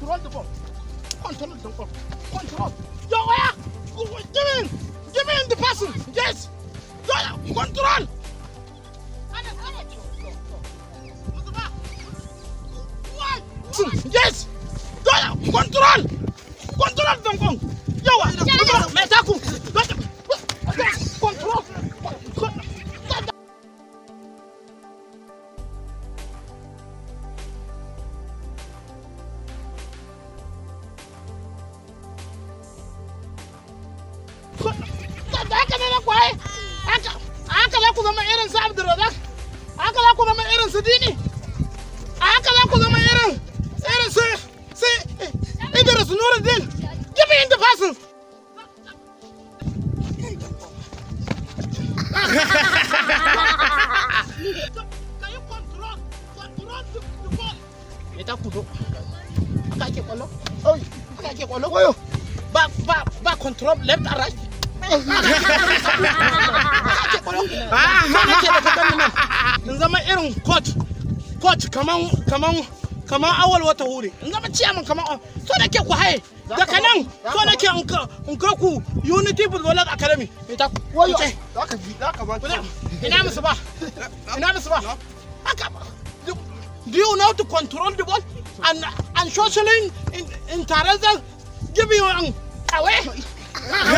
Control the ball. Control the ball. Control. Yo, where? Give in. Give in the person. Yes. Yo, control. Yes. Yo, control. Control them. ku zama irin su Abdulrazak haka za ku zama irin su Dini haka za ku zama irin irin su su Idris Nuruddin give me the person Ita kudo, aka kwallo? Oi, aka kwallo? Ba, ba, ba control left and right. Ah, in zama irin coach coach kaman kaman kaman awal wata hure in zama ciyaman kaman so nake ku haye daga nan so in ka ku unity football academy me ta bi ba ina musu ba ina musu ba haka do you know to control the ball and and socially in in, give you an away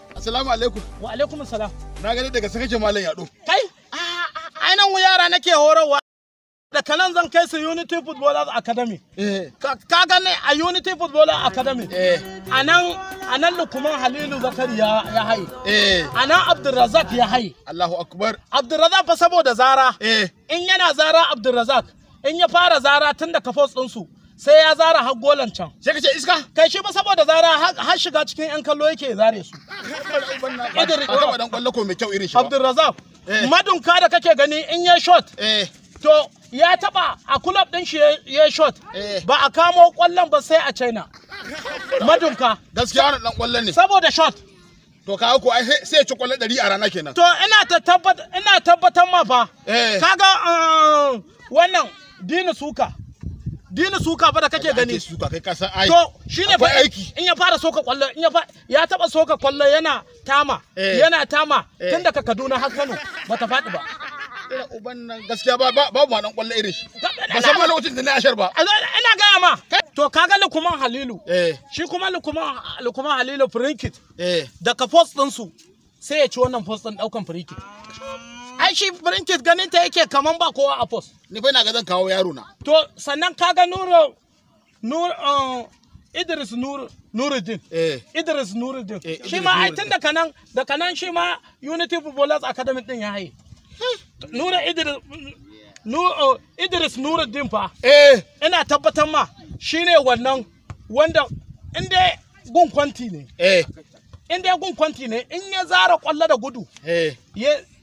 Assalamu alaikum. Wa alaikum assalam. Na gani daga sakace malam yaɗo. Kai? Ai nan yara nake horarwa. Da kanan zan kai su Unity Footballers Academy. Eh. Ka gane a Unity Footballers Academy. Eh. A nan a nan Lukman Halilu Zakari ya ya haye. Eh. A nan Abdulrazak ya haye. Allahu Akbar. Abdulrazak fa saboda zara. In yana zara Abdulrazak. In ya fara zara tun da kafos ɗinsu. sai ya zara har golan can. Sai kace iska? Kai shi ba saboda zara har shiga cikin yan kallo yake zare su. Kadiri. madun ka dan kwallo ko mai kyau irin shi. Abdulrazak. Eh. da kake gani in ya shot. Eh. To ya taba a club din shi ya shot. Eh. Ba a kamo kwallon ba sai a China. ka. Gaskiya wannan dan kwallon ne. Saboda shot. To ka ko ai sai ya ci kwallon 100 a rana kenan. To ina ta tabbata ina tabbatar ma fa. Eh. Kaga um, wannan Dinu Suka. dini suka fa da kake gani suka kai kasa ai to shine fa aiki in ya fara soka kwallo in ya fa ya taba soka kwallo yana tama eh. yana tama eh. tun daga Kaduna har Kano bata faɗi ba ina uban nan gaskiya ba ba ba nan kwallo irin shi ba san ma lokacin da na ashar ba ina gaya ma to kaga lukuman halilu eh. shi kuma lukuman lukuman halilu frinkit da ka post din su sai ya ci wannan post din daukan frinkit ai shi Brinkit ganin ta yake kaman ba kowa a post ni fa ina ga zan kawo yaro na to sannan ka ga nuru Nur uh, Idris Nur Nuruddin eh Idris Nuruddin eh, shi ma ai tunda kanan da kanan shi ma Unity Footballers Academy din ya haye Nura Idris Nur uh, Idris Nuruddin fa eh ina tabbatar ma shine wannan wanda in dai gun kwanti ne eh in dai gun kwanti ne in ya zara kwallo da gudu eh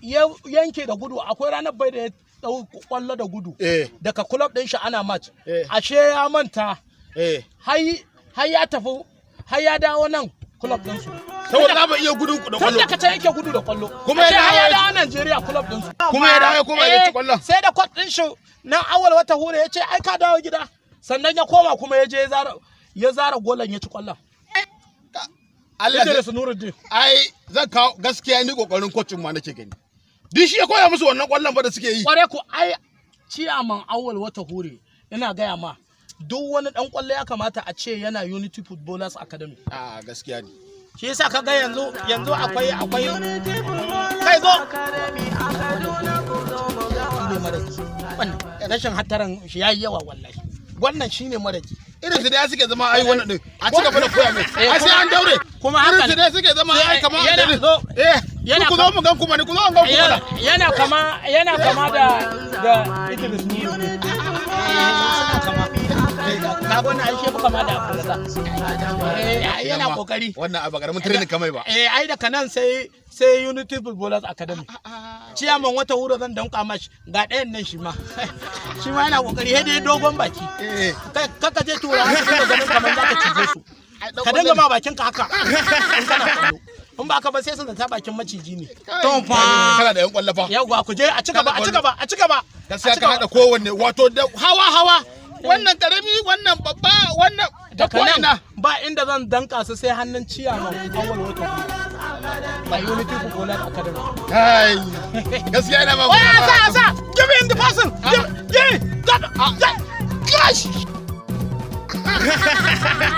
yanke da gudu akwai ranar bai da ya dau kwallo da gudu eh. daga club din shi ana match eh. ashe ya manta eh. har ya tafi har ya dawo nan club din su saboda za mu iya gudu da kwallo tun da can yake gudu da kwallo kuma ya dawo ya dawo Najeriya club din su kuma ya dawo kuma ya ci kwallo sai da court din shi nan awal wata hure yace ai ka dawo gida sannan ya koma kuma ya je ya zara golan ya ci kwallon Allah ya su nuruddin ai zan kawo gaskiya ni kokarin coaching ma nake gani Duk shi ya koya musu wannan kwallon fa da suke yi. Kware ku ai ciyaman awal wata hure ina gaya ma duk wani dan kwallo ya kamata a ce yana Unity Footballers Academy. A gaskiya ne. Shi yasa ka ga yanzu yanzu akwai akwai kai zo. Rashin hattaran shi yayi yawa wallahi. Wannan shine maraji. irin su da suke zama ai wannan din a cika fa da koya mai eh, ai sai an daure kuma haka irin su da suke zama ai kamar an daure eh yana ku zo mu gan kuma ne ku yana kama yana kama da Idris eh, na gona ai kama da eh, eh, yana kokari wannan a training kamai ba eh ai daga nan sai sai Unity Footballers Academy ah, ah, ah. ciyaman wata wuro zan danka mashi ga ɗayan nan shi ma shi ma yana kokari sai dogon baki kaka je tura ganin kamar zaka cije su ka dinga ma haka in kana kallo in ba ka ba sai sun ta bakin maciji ne to fa kana da yan kwalla fa yawa ku je a cika ba a cika ba a cika ba gaskiya ka hada kowanne wato hawa hawa eh. wannan karami wannan babba wannan da koina ba inda zan danka su sai hannun ciya ma awal wato my unity footballer academy kai gaskiya ina ba ku sa sa give me the person give give that ah, clash